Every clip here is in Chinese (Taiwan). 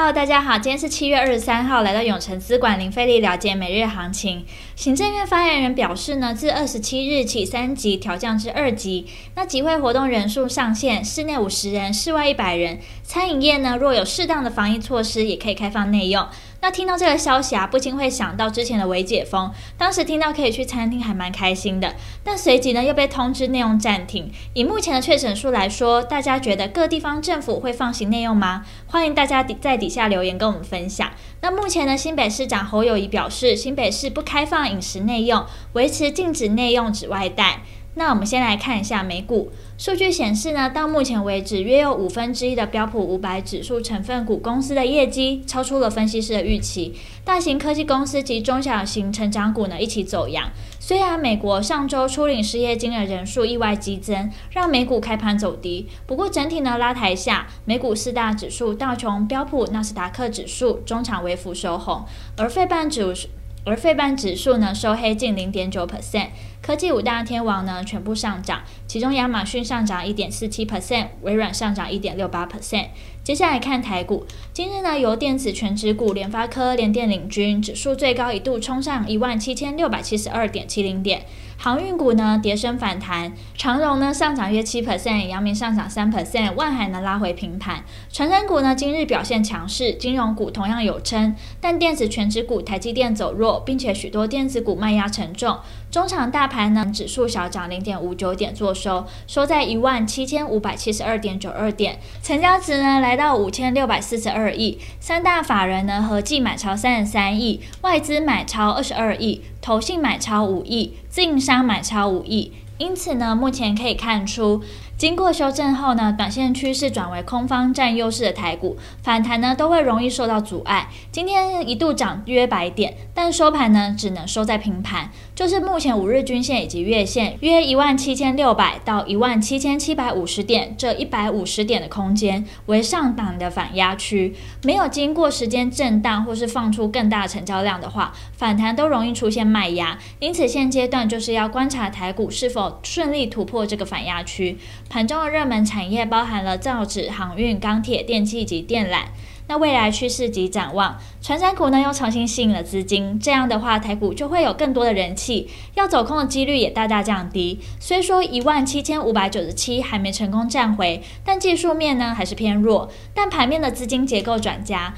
Hello, 大家好，今天是七月二十三號，來到永誠資管林費力了解每日行情。行政院發言人表示呢，自二十七日起，三級調降至二級。那集會活動人數上限，室內五十人，室外一百人。餐飲業呢，若有適當的防疫措施，也可以開放內用。那聽到這個消息啊，不禁會想到之前的微解封，當時聽到可以去餐廳還蠻開心的，但隨即呢又被通知內用暫停。以目前的確診數來說，大家覺得各地方政府會放行內用嗎？歡迎大家底在底下留言跟我們分享。那目前呢，新北市長侯友宜表示，新北市不開放飲食內用，維持禁止內用、只外帶。那我們先來看一下美股。數據顯示呢，到目前為止，約有五分之一的標普五百指數成分股公司的業績超出了分析師的預期。大型科技公司及中小型成長股呢，一起走揚。雖然美國上周初領失業金的人數意外激增，讓美股開盤走低，不過整體呢拉抬下，美股四大指數道瓊、標普、納斯達克指數中場微幅收紅，而費半指數。而費半指數呢收黑近零點九 percent，科技五大天王呢全部上漲，其中亞馬遜上漲一點四七 percent，微軟上漲一點六八 percent。接下來看台股，今日呢由電子權值股聯發科、聯電領軍，指數最高一度衝上一萬七千六百七十二點七零點。航運股呢，跌深反彈，長榮呢上漲約七 percent，陽明上漲三 percent，萬海呢拉回平盤。傳產股呢今日表現強勢，金融股同樣有撐，但電子權值股台積電走弱，並且許多電子股賣壓沉重。中場大盤呢指數小漲零點五九點，作收收在一萬七千五百七十二點九二點，成交值呢來到五千六百四十二億，三大法人呢合計買超三十三億，外資買超二十二億。投信買超五億，自營商買超五億，因此呢，目前可以看出。經過修正後呢，短線趨勢轉為空方佔優勢的台股反彈呢，都會容易受到阻礙。今天一度漲約百點，但收盤呢只能收在平盤，就是目前五日均線以及月線約一萬七千六百到一萬七千七百五十點這一百五十點的空間為上檔的反壓區，沒有經過時間震盪或是放出更大的更大成交量的話，反彈都容易出現賣壓。因此現階段就是要觀察台股是否順利突破這個反壓區。盤中的熱門產業包含了造紙、航運、鋼鐵、電器及電纜。那未來趨勢及展望，傳產股呢又重新吸引了資金，這樣的話台股就會有更多的人氣，要走空的幾率也大大降低。雖說一萬七千五百九十七還沒成功站回，但技術面呢還是偏弱，但盤面的資金結構轉佳。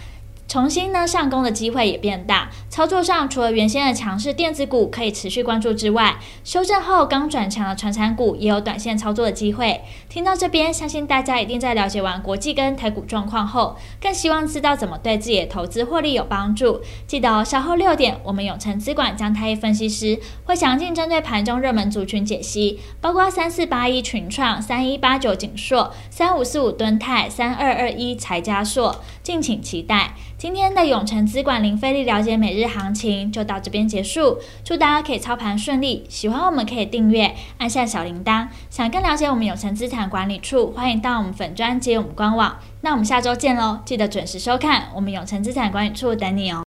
重新呢上攻的機會也變大，操作上除了原先的強勢電子股可以持續關注之外，修正後剛轉強的傳產股也有短線操作的機會。聽到這邊，相信大家一定在了解完國際跟台股狀況後，更希望知道怎麼對自己的投資獲利有幫助。記得哦，稍後六點，我們永成資管江太一分析師會詳盡針對盤中熱門族群解析，包括三四八一群創、三一八九景碩、三五四五敦泰、三二二一台嘉碩，敬請期待。今天的永誠資管零費力了解每日行情就到這邊結束，祝大家可以操盤順利。喜歡我們可以訂閱，按下小鈴鐺。想更了解我們永誠資產管理處，歡迎到我們粉專接我們官網。那我們下週見嘍，記得準時收看我們永誠資產管理處等你哦。